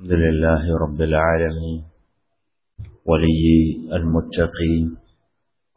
الحمد لله رب العالمين ولي المتقين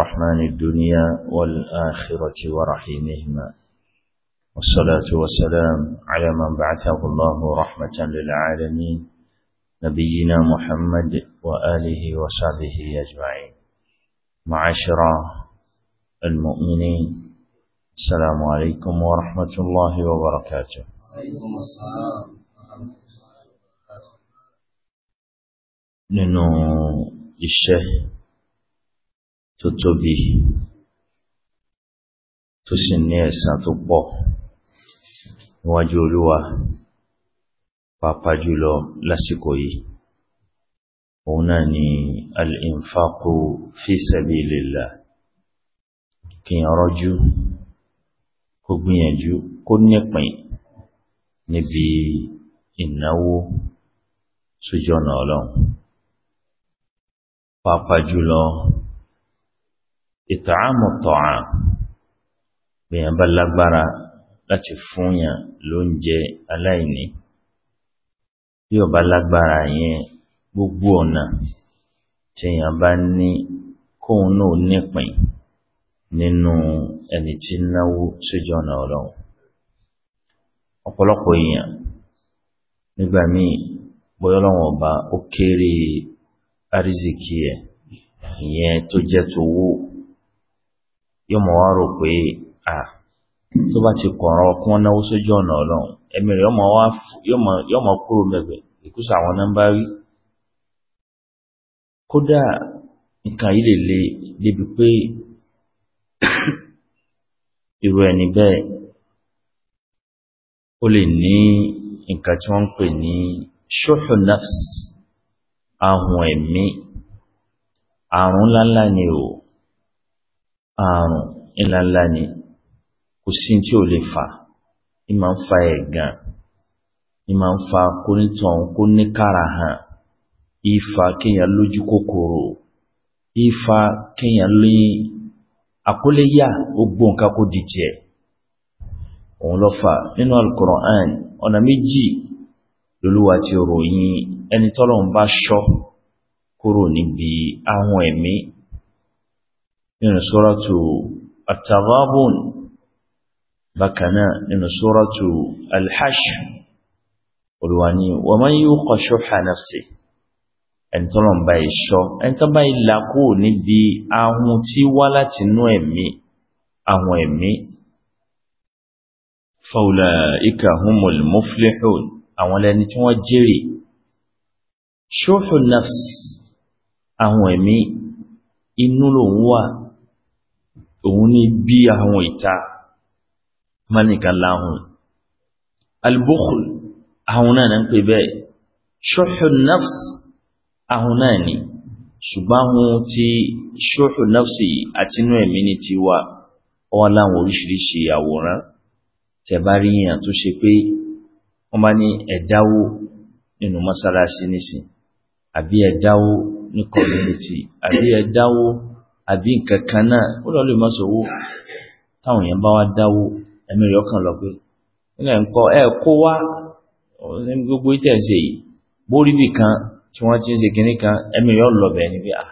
رحمن الدنيا والآخرة ورحيمهما والصلاة والسلام على من بعثه الله رحمة للعالمين نبينا محمد وآله وصحبه أجمعين معاشر المؤمنين السلام عليكم ورحمة الله وبركاته عليكم السلام nínú iṣẹ́ tó tóbi tó sì ní ẹ̀san tó pọ̀ níwájú Olúwa pàápàá jùlọ lásìkò yìí òun náà ni al-infaqu fi sabilillah kí n rọ́jú kó gbìyànjú kó nípìn níbi ìnáwó sójú ọ̀nà Ọlọ́run pàápàá jùlọ ìtààmù tọ̀à bèèyàn bá lágbára láti fúnyàn lóúnjẹ aláìní bí ó bá lágbára yẹn gbogbo ọ̀nà tí èèyàn bá ní kóun náà nípìn nínú ẹni tí ń náwó sójú ọ̀nà ọ̀rọ̀ ọ̀pọ̀lọpọ̀ èèyàn nígbà míì bóyá ọlọ́wọ̀n ọba ó kéré àrísìkí ẹ̀ ìyẹn tó jẹ́ tówó yóò mọ̀ wá rò pé à tó bá ti kọrọ kí wọn náwó sójú ọ̀nà ọlọ́run ẹ̀mí rẹ̀ yóò mọ̀ kúrò mẹ́gbẹ̀ ìkúsà àwọn nọ́mbà rí kódà nǹkan yìí lè le débi pé irú ẹni ó lè ní ahun ẹ̀mí àrùn ńláńlá ni o àrùn ńláńlá ni kò sí tí ò lè fà ní máa ń fa ẹ̀gàn ní máa ń fa kónítàn kó ní kára ìfà kéèyàn lójú kòkòrò ìfà kéèyàn lé àkóléyà gbogbo nǹkan kó di òun lọ fà nínú ọ̀nà méjì lolúwa ti ròyìn ẹni tọ́lọ́run bá ṣọ́ kúrò níbi àwọn ẹ̀mí nínú sóràtù at-Taghabun bákanáà nínú sóràtù al-Hashr olúwa ni wa man yuqa shuhha nafsihi ẹni tọ́lọ́run bá ṣọ́ ẹni tọ́ bá ilà kúrò níbi àwọn tí wá látinú ẹ̀mí àwọn ẹ̀mí fa ulaika humul muflihun àwọn lẹni tí wọ́n jèrè ṣóòfù nafs àwọn ẹ̀mí inú lòun wà òun ní bí àwọn ìta mánìkà láhùn albukhl àwọn náà ń pè bẹ́ẹ̀ ṣóòfù nafs àwọn náà ni ṣùgbọ́n àwọn ti ṣóòfù nafs àtinú ẹ̀mí ni ti wà wọ́n láwọn oríṣiríṣi àwòrán tẹ̀bá rí yàn tó ṣe pé wọ́n bá ní ẹ̀dáwó nínú mọ́sálásí nísìn àbí ẹ̀dáwó ní community àbí ẹ̀dáwó àbí nǹkan kan náà ó lọ lè mọ́sọ̀ owó táwọn èèyàn bá wá dáwó ẹ̀mí rẹ̀ ọkàn lọ pé nílẹ̀ ń kọ́ ẹ kó wá gbogbo ìtẹ̀ ṣe yìí bórí bì kan tí wọ́n ti ń ṣe kinní kan ẹ̀mí rẹ̀ ọlọ́bẹ̀ níbi à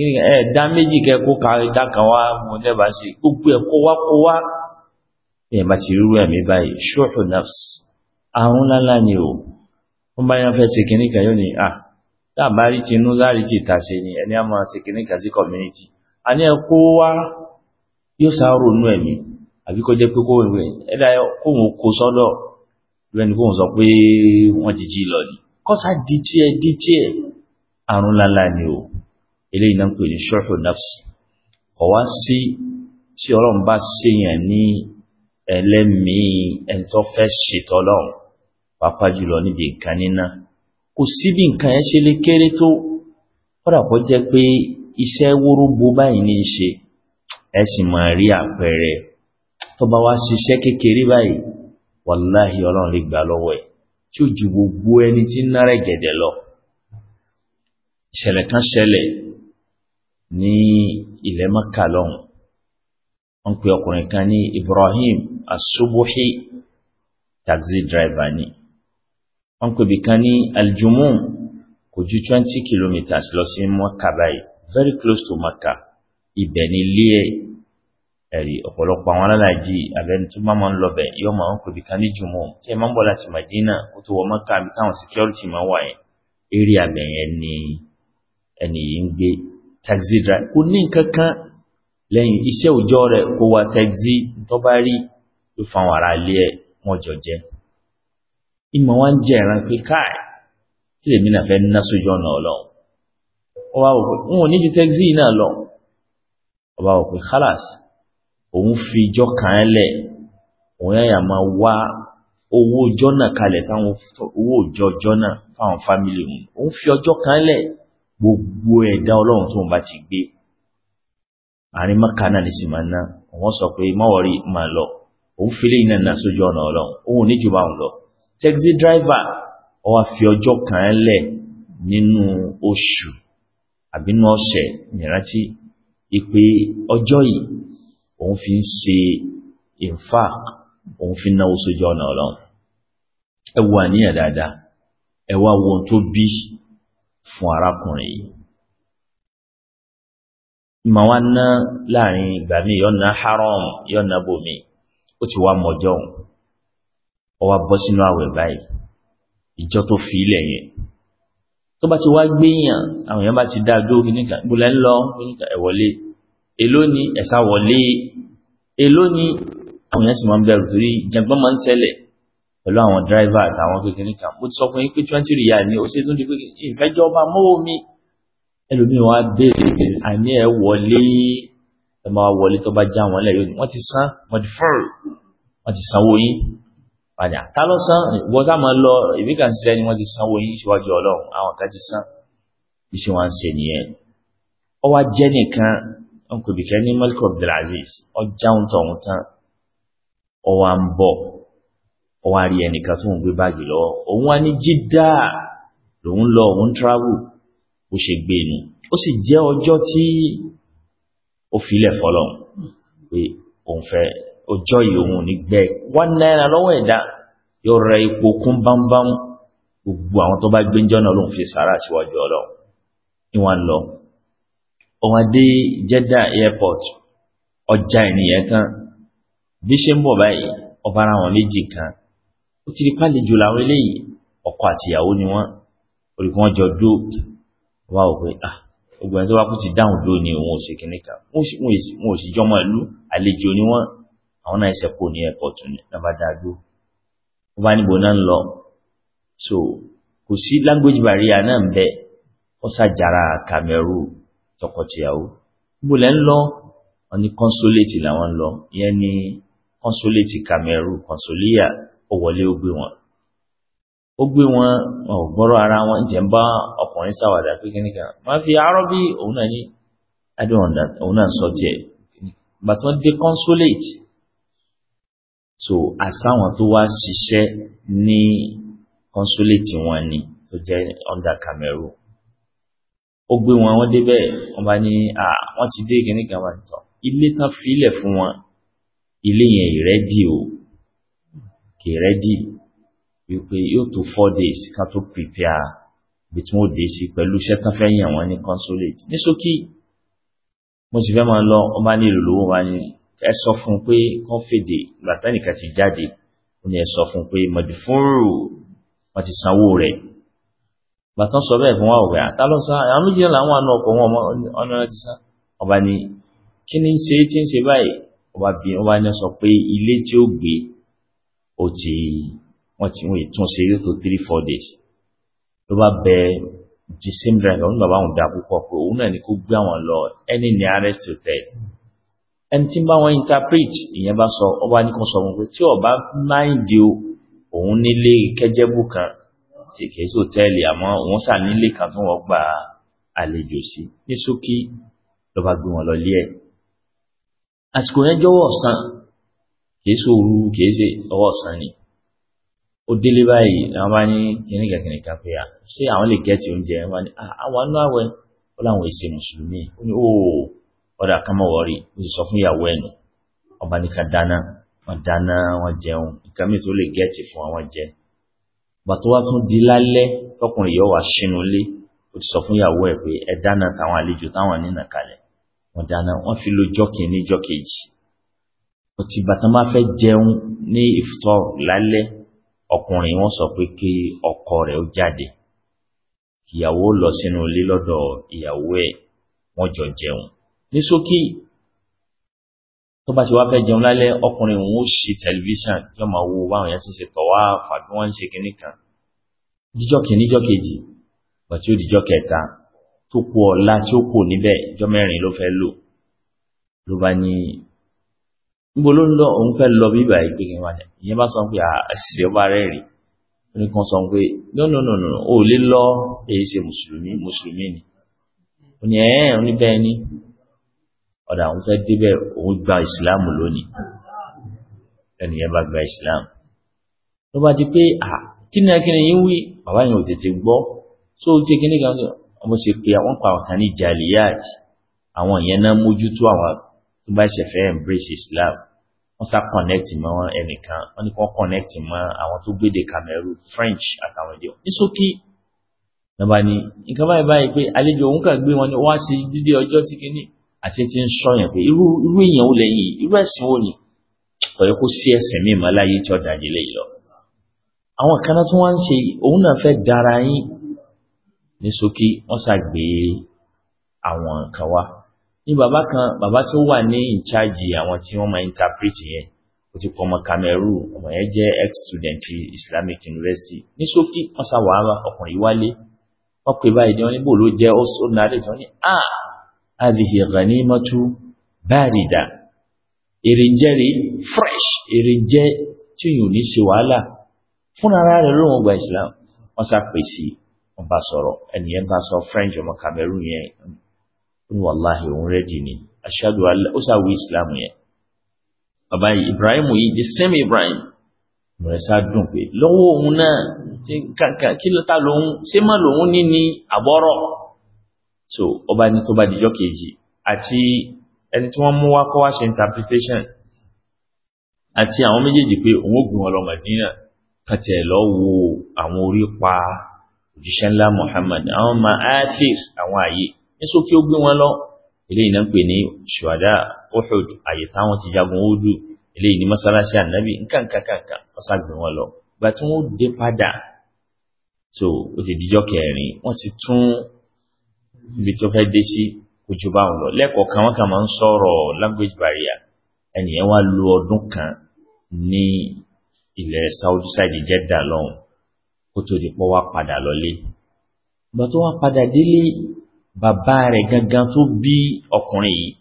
ah, ẹ̀dá méjì kẹ kó ka ẹ̀dá kan wá mo lẹ́bàá sí gbogbo ẹ̀ kó wá kó wá bí bá ti rírú ẹ̀mí báyìí ṣóòfù nafsi àrùn lálá ni ò ó bá yán fẹ́ ṣe kìníkà yóò ní à ah, dábà rí ti inú zárí ti tàṣe ni ẹni a máa sí community a ní ẹkó wá yóò sáárò nú ẹ̀mí àbí kó jẹ́ pé kó wẹ̀wẹ̀ ẹ̀dá kóhun kó sọ́dọ̀ lẹ́nu kóhun sọ pé wọ́n ti jí lọ ni kọ́sá di tiẹ̀ di tiẹ̀ àrùn lálá ni ò eléyìí náà ń pè ní ṣọ́ọ̀ṣù nafsi ọ̀wá sí tí ọlọ́run bá ṣèyàn ní ẹlẹ́mìí ẹni tó fẹ́ ṣètọ́ pàápàá jùlọ níbi nǹkan níná kò síbi nǹkan yẹn ṣe lè kéré tó kódà kó jẹ́ pé iṣẹ́ wórógbó báyìí ní í ṣe ẹ sì máa rí àpẹẹrẹ tó bá wá ṣiṣẹ́ kékeré báyìí wàláhì ọlọ́run lè gbà lọ́wọ́ ẹ̀ tí ju gbogbo ẹni tí ń nára lọ ìṣẹ̀lẹ̀ kan ṣẹlẹ̀ ní ilẹ̀ Mẹ́kà lọ́hùn wọ́n pe ọkùnrin kan ní Ibrahim Asubuhi taxi driver ni wọ́n pè bí kan ní aljumum kò ju twenty kilometres lọ sí mọ́kà báyìí very close to Maka, ibẹ̀ ni ilé ẹ̀ ẹ̀rí ọ̀pọ̀lọpọ̀ àwọn alálàájì abẹ́ni tó máa ń lọbẹ̀ yóò máa ń pè bí kan ní jumum tí ẹ máa ń bọ̀ láti Madina kó tó wọ mọ́kà àbí táwọn security máa wà yẹn eré àbẹ̀yẹn ni ẹni yìí ń gbé taxi dra, kò ní nǹkan kan lẹ́yìn iṣẹ́ òòjọ́ rẹ̀ kó wa taxi tó ló fa àwọn ará ilé jọ jẹ́ ìmọ̀ wa ń jẹ ẹ̀ràn pé káì tí lèmi náà fẹ́ ná sójú ọ̀nà ọlọ́run ó wá wò pé n ò ní ti tẹ́gísì yìí náà lọ ó wá wò pé kálàs òun fi ijọ́ kan án lẹ̀ òun yàyà máa wá owó ọjọ́ náà kalẹ̀ fáwọn owó òjọ ọjọ́ náà fáwọn fámìlì òun òun fi ọjọ́ kan lẹ̀ gbogbo ẹ̀dá ọlọ́run tóun bá ti gbé àárín mọ́kà ní sì máa ná wọ́n sọ pé máwọ̀rí máa lọ òun fi lẹ́yìn ná sójú ọ̀nà ọlọ́run òun níjùbà òun lọ taxi driver ó fi ọjọ́ kan lẹ̀ nínú oṣù àbínú ọ̀sẹ̀ nìrántí ìpè ọjọ́ yìí òun fi ń ṣe infaq òun fi náwó sójú ọ̀nà ọlọ́run ẹ wo àníyàn dáadáa ẹ wá wo ohun tó bí fún arákùnrin yìí ná láàrin ìgbà míì haram bòmí ó ti wá ó wá bọ́ sínú àwẹ̀ báyìí ìjọ tó fi ilẹ̀ yẹn tó bá ti wá gbéyàn àwọn èèyàn bá ti dá dó nìkan gbọ́lẹ̀ ń lọ nìkan ẹ wọlé èló ni ẹ̀sà wọlé èló ni àwọn èèyàn sì máa ń bẹ̀rù torí jẹ̀gbọ́n máa ń ṣẹlẹ̀ pẹ̀lú àwọn dráìvà àtàwọn kékeré kan mo ti sọ fún yín pé twenty riyal ni ó ṣe tún di pé ìfẹ́jọ́ ọba mọ́wó mi ẹlòmíì wá béèrè àní ẹ wọlé ẹ máa wọlé tó bá já wọn lẹ̀ yóò ní wọ́n ti san mọ̀dífọ́ọ̀rù wọ́n ti sanwó yín padà ta ló san wọ́n sá lọ ìbí kan ṣiṣẹ́ ni wọ́n ti sanwó yín síwájú ọlọ́run àwọn kan ti san bí ṣe wọ́n ń ṣe nìyẹn ọ wá jẹ́ nìkan wọn kò bìkẹ́ ní Malik Abdulaziz ọ jáun tọ̀hún tán ọ wá ń bọ̀ ọ wá rí ẹnìkan tó ń gbé báàgì lọ́wọ́ òun wá ní Jidda lòun lọ òun travel bó ṣe gbé ni ó sì jẹ́ ọjọ́ tí ó filẹ̀ fọlọ́n pé òun fẹ́ ọjọ́ yìí òun ní gbẹ one naira lọ́wọ́ ẹ̀dá yóò rẹ ipò kún bámbám gbogbo àwọn tó bá gbé ń jọ́nà lòun fi sàárà síwájú ọlọ́run ni wọ́n lọ ọmọ dé Jeddah airport ọjà ènìyàn kan bí ṣe ń bọ̀ báyìí ọba ara wọn méjì kan ó ti rí pálejò làwọn eléyìí ọkọ àtìyàwó ni wọ́n orí kí wọ́n jọ dó wá ò pé ah gbogbo ẹni tó bá kú ti dáhùn dó ni òun ò ṣe kíní kan wọn ò sì jọmọ ìlú àlejò ni wọ́n àwọn náà ṣe kò ní airport ni nàbà dàgbò wọ́n bá níbo náà ń lọ so kò sí language barrier náà ń bẹ ó ṣàjára Cameroon tọkọtìyàwó níbo lẹ́ ń lọ wọ́n ní consulate làwọn ń lọ ìyẹn ní consulate Cameroon consulia ó wọlé ó gbé wọn ó gbé wọn wọn ò gbọ́rọ̀ ara wọn jẹ́ ń bá ọkùnrin ṣàwàdà pé kí nìkan wọ́n fi àárọ̀ bí òun náà ní i don't understand òun náà sọ tiẹ̀ bàtí wọ́n dé consulate so àsáwọn tó wá ṣiṣẹ́ ní consulate wọn ni tó jẹ́ under Cameroon ó gbé wọn wọ́n débẹ̀ wọ́n bá ní à wọ́n ti dé kíní kan wọ́n tán ilé tán filẹ̀ fún wọn ilé yẹn ìrẹ́dì o kì í rẹ́dì wípé yóò tó four days ká tó prepare bí tí wọ́n dé sí pẹ̀lú iṣẹ́ tán fẹ́ yàn wọ́n ní consulate ní ṣókí mo sì fẹ́ máa lọ ọba ní ìlú lówó wa ní ẹ sọ fún pé kán fèdè gbàtánìkan ti jáde ó ní ẹ sọ fún pé mọ̀dùfúnrù wọn ti sanwó rẹ̀ gbàtán sọ bẹ́ẹ̀ fún wa ọ̀gá àtàlọ́sá àwọn méjì náà làwọn àna ọkọ̀ wọn ọ̀nà ti sá ọba ni kí ni ń ṣe tí ń ṣe báyìí ọba bí ọba ní sọ pé ilé tí ó gbé ó ti wọ́n ti wọ́n ìtúnṣe yóò tó three four days ló bá bẹ jísìm driver ní bàbá òun dá púpọ̀ pé òun náà ni kó gbé àwọn lọ any nearest hotel ẹni tí ń bá wọn interpret ìyẹn bá sọ ọba ní kan sọ wọn pé tí ọba máìndì o òun nílé kẹjẹbù kan tí kìí sí òtẹ́ẹ̀lì àmọ́ òun sà nílé kan tó wọ́n gba àlejò sí ní ṣókí lọ́ba gbé wọn lọ lé ẹ̀ àsìkò yẹn jọ̀wọ́ ọ̀sán kìí sí òru kìí sí ọwọ́ ọ̀sán ni ó délé báyìí àwọn bá ní kìnnìkan kìnnìkan pé à ṣé àwọn lè gẹ́ẹ̀tì oúnjẹ wọn ni àwọn náà wẹ ó láwọn èsì mùsùlùmí ó ní óò ọ̀dà kan mọ̀ wọ́rí ó sì sọ fún ìyàwó ẹ̀nù ọba ní ká dáná wọ́n dáná wọ́n jẹun nǹkan mìíràn tó lè gẹ́ẹ̀tì fún àwọn jẹ gbà tó wá tún di lálẹ́ tọkùnrin yóò wá sínú ilé ó ti sọ fún ìyàwó ẹ̀ pé ẹ dáná táwọn àlejò táwọn nínà kalẹ̀ wọ́n dáná wọ́n fi lo jọ́kì ní jọ́kèjì ó ti bàtán fẹ́ jẹun ní ìfitọ́ lálẹ́ ọkùnrin wọ́n sọ pé kí ọkọ rẹ̀ ó jáde ìyàwó lọ sínú ilé lọ́dọ̀ ìyàwó ẹ̀ wọ́n jọ jẹun ní ṣókí tó bá ti wá fẹ́ jẹun lálẹ́ ọkùnrin òun ó ṣe tẹlifíṣàn tí ó máa wo báwọn yẹn ti ṣe tọ̀wá fàbí wọ́n ń ṣe kinní kan díjọ́ kìíní díjọ́ kejì gbà tí ó díjọ́ kẹta tó kú ọ̀la tí ó kù níbẹ̀ ìjọ́ mẹ́rin ló fẹ́ lò ló bá ní níbo ló ń lọ òun fẹ́ lọ bí ìbàyí pé kí n wá ní ìyẹn bá sọ pé àṣìṣe ọba rẹ̀ rí ní kan sọ pé no no no no ò lè lọ èyí ṣe mùsùlùmí mùsùlùmí ni òní ẹ̀ẹ́ òní bẹ́ẹ̀ ni ọ̀dà òun fẹ́ débẹ̀ òun gba ìsìláàmù lónìí ẹnìyẹn bá gba ìsìláàmù tó bá ti pé à kí ni akíni yín wí bàbá yẹn ò tètè gbọ́ tó o ti kíní kan ọmọ sì pé àwọn pa àwọn ní jàlíyàtì àwọn ìyẹn náà mójútó àwọn tó bá ṣe fẹ́ embrace islam wọ́n sá connect mọ́ ẹnìkan wọ́n ní kí wọ́n connect mọ́ àwọn tó gbéde Cameroon French àtàwọn èdè wọn ní sókí nàbà ní nǹkan báyìí báyìí pé àlejò òun kàn gbé wọn ni wọ́n á ṣe dídé ọjọ́ tí kìíní àti ti ń sọyàn pé irú irú èèyàn ó lẹ́yìn irú ẹ̀sìn wo ni kò yẹ kó sí ẹsẹ̀ mi mọ́ láyé tí ọ̀dà àjẹlẹ̀ yìí lọ. àwọn kan tó wá ń ṣe òun náà fẹ́ dára yín ní ṣókí wọ́n ṣàgbé àwọn kan wá ní bàbá kan bàbá tó wà ní ìcháàjì àwọn tí wọ́n máa interpret yẹn ó ti kọ́ ọmọ Cameroon ọmọ yẹn jẹ́ ex student Islamic University ní ṣókí wọ́n ṣàwọ̀ ọkùnrin wálé wọ́n pè báyìí wọ́n ní bò ló jẹ́ ó sọ ní ah هذه غنيمة باردة إرنجري فريش إرنجي تيوني سوالا فنا رأي لون با إسلام وسا كويسي أن ينبا سورو فرنج وما كاميرون ين والله ونرجيني أشهد أن لا أساوي إسلام ين bàbá ibrahim yìí the same ibrahim bẹ̀rẹ̀ sá dùn pé lọ́wọ́ òun náà kí ló ta lòun ṣé má lòun ní ní àbọ̀rọ̀ so ọba ní tó bá dijọ́ kejì àti ẹni tí wọ́n mú wá kọ́ wá ṣe interpretation àti àwọn méjèèjì pé òun ò gbé wọn lọ Madina lọ́ wo àwọn orí pa òjíṣẹ́ ńlá Muhammad àwọn ọmọ athir àwọn àyè ní sókè ó gbé wọn lọ eléyìí náà ń pè ní ṣùwádà Uhud àyè táwọn ti jagun Uhud eléyìí ní mọ́sálásí ànábì nkankankankan ọ̀sá gbé wọn lọ gbà tí wọ́n dé padà so ó ti dijọ́ kẹrin wọ́n ti tún ibi tí ó fẹ́ dé sí kò jù bá wọn lọ lẹ́kọ̀ọ̀kan wọn kàn máa ń sọ̀rọ̀ language barrier ẹnìyẹn wá lò ọdún kan ní ilẹ̀ Saudi side Jeddah lọ́hùn kó tó di pọ́ wá padà lọlé ìgbà tó wá padà délé bàbá rẹ̀ gangan tó bí ọkùnrin yìí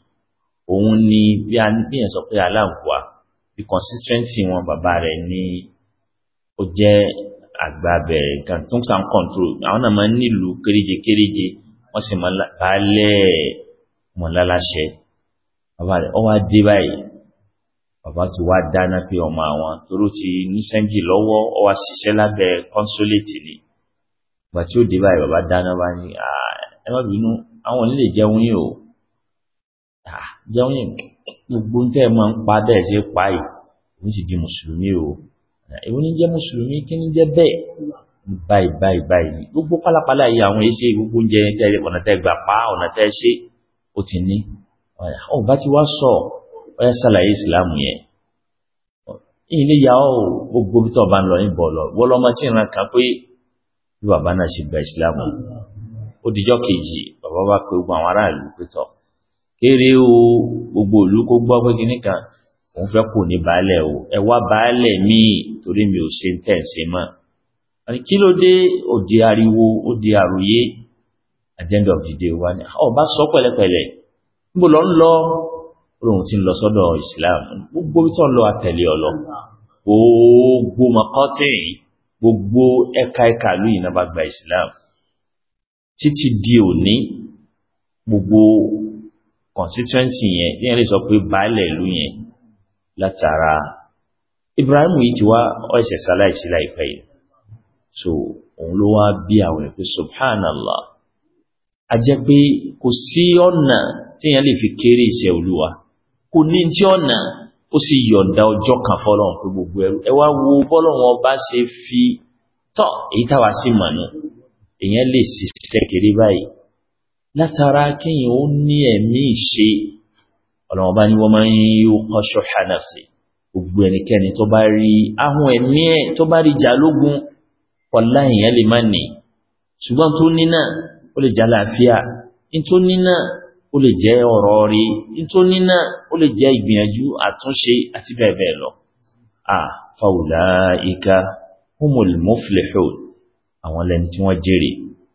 òun ni bí a bí yẹn sọ pé aláǹkùá bí constituency wọn bàbá rẹ̀ ní ó jẹ́ àgbà bẹ̀rẹ̀ kan tó ń sàn control àwọn náà máa ń nílùú kéréje kéréje wọ́n sì baálẹ̀ mọ̀láláṣẹ bàbá rẹ̀ ọwá dé báyìí bàbá ti wá dáná pé ọmọ àwọn toró ti níṣẹ́ǹjì lọ́wọ́ ọwá ṣiṣẹ́ lábẹ́ kọ́nsóléètì ni ìgbà tí ó dé báyìí bàbá dáná bá ní ẹ má bínú àwọn onílé jẹun yìí o jẹun yìí gbogbo ń tẹ́ ẹ máa ń pa bẹ́ẹ̀ ṣe pa yìí òun sì di mùsùlùmí o èwo ní jẹ́ mùsùlùmí kí ní jẹ́ bẹ́ẹ̀ báyìí báyìí báyìí gbogbo pálapàla yìí àwọn èsì gbogbo oúnjẹ tẹ́lẹ̀ ọ̀nà tẹ́ gbà pa ọ̀nà tẹ́ ṣe ó ti ní ọ̀ bá ti wá sọ ọ̀yá sàlàyé ìsìláàmù yẹn ìyìn lè ya ọ́ gbogbo bí tọ́ bá ń lọ ní bọ̀ọ̀lọ̀ wọ́lọ́mọ tí ìran kan pé bí bàbá náà ṣe gba ìsìláàmù ó dijọ́ kejì bàbá bá pe gbogbo àwọn aráàlú pé tọ́ kéré o gbogbo ìlú kó gbọ́ pé kinní kan òun fẹ́ kù ní baálẹ̀ o ẹ wá baálẹ̀ míì torí mi ò ṣe ń tẹ̀ ṣe mọ́ kí ló dé òdì ariwo òdì àròyé agenda of the day wa ni ọba sọ pẹ̀lẹ́pẹ̀lẹ́ níbo lọ ń lọ olóhùn ti ń lọ sọ́dọ̀ Islam gbogbo tó ń lọ àtẹ̀lé ọlọ gbogbo mọkọtìn gbogbo ẹ̀ka ẹ̀ka lóyìn náà bá gba Islam títí di òní gbogbo constituency yẹn ní ẹni sọ pé baálẹ̀ ìlú yẹn látara Ibrahim yìí ti wá ọ̀ẹ́sẹ̀ sáláìsí láìpẹ́ yìí so òun ló wá bí àwọn ẹ̀fẹ́ subhanallah a jẹ́ pé kò sí ọ̀nà téèyàn lè fi kéré iṣẹ́ olúwa kò ní tí ọ̀nà ó sì yọ̀ǹda ọjọ́ kan fọ́lọ́run pé gbogbo ẹrú ẹ wá wo bọ́lọ́run ọba ṣe fi tọ́ èyí táwa sì mọ̀ nù èèyàn lè ṣiṣẹ́ kéré báyìí látara kéèyàn ó ní ẹ̀mí ìṣe ọlọ́run ọba ni wọ́n máa ń yíó kọ́ṣọ́ hànàṣe gbogbo ẹnikẹ́ni tó bá rí ahun ẹ̀mí ẹ̀ tó bá rí jà lógun ọ̀la èèyàn lè má nì ṣùgbọ́n tó ní náà ó lè jẹ́ àlàáfíà tó ní náà ó lè jẹ́ ọ̀rọ̀ rí tó ní náà ó lè jẹ́ ìgbìyànjú àtúnṣe àti bẹ́ẹ̀ bẹ́ẹ̀ lọ fàwùláìka humul muflihun àwọn lẹni tí wọ́n jèrè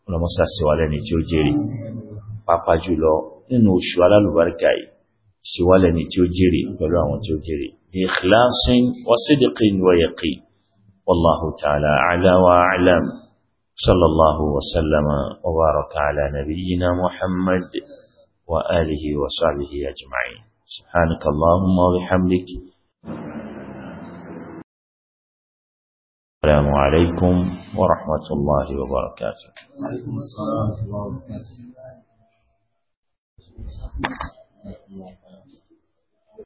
ọlọ́mọ́sá sí wa lẹni tí ó jèrè pàápàá jùlọ nínú oṣù alálùbáríkà yìí sí wa lẹni tí ó jèrè pẹ̀lú àwọn tí ó jèrè ikhlasin wa sidqin wa yaqin والله تعالى أعلى وأعلم صلى الله وسلم وبارك على نبينا محمد وآله وصحبه أجمعين سبحانك اللهم وبحمدك السلام عليكم ورحمة الله وبركاته وعليكم السلام ورحمة الله وبركاته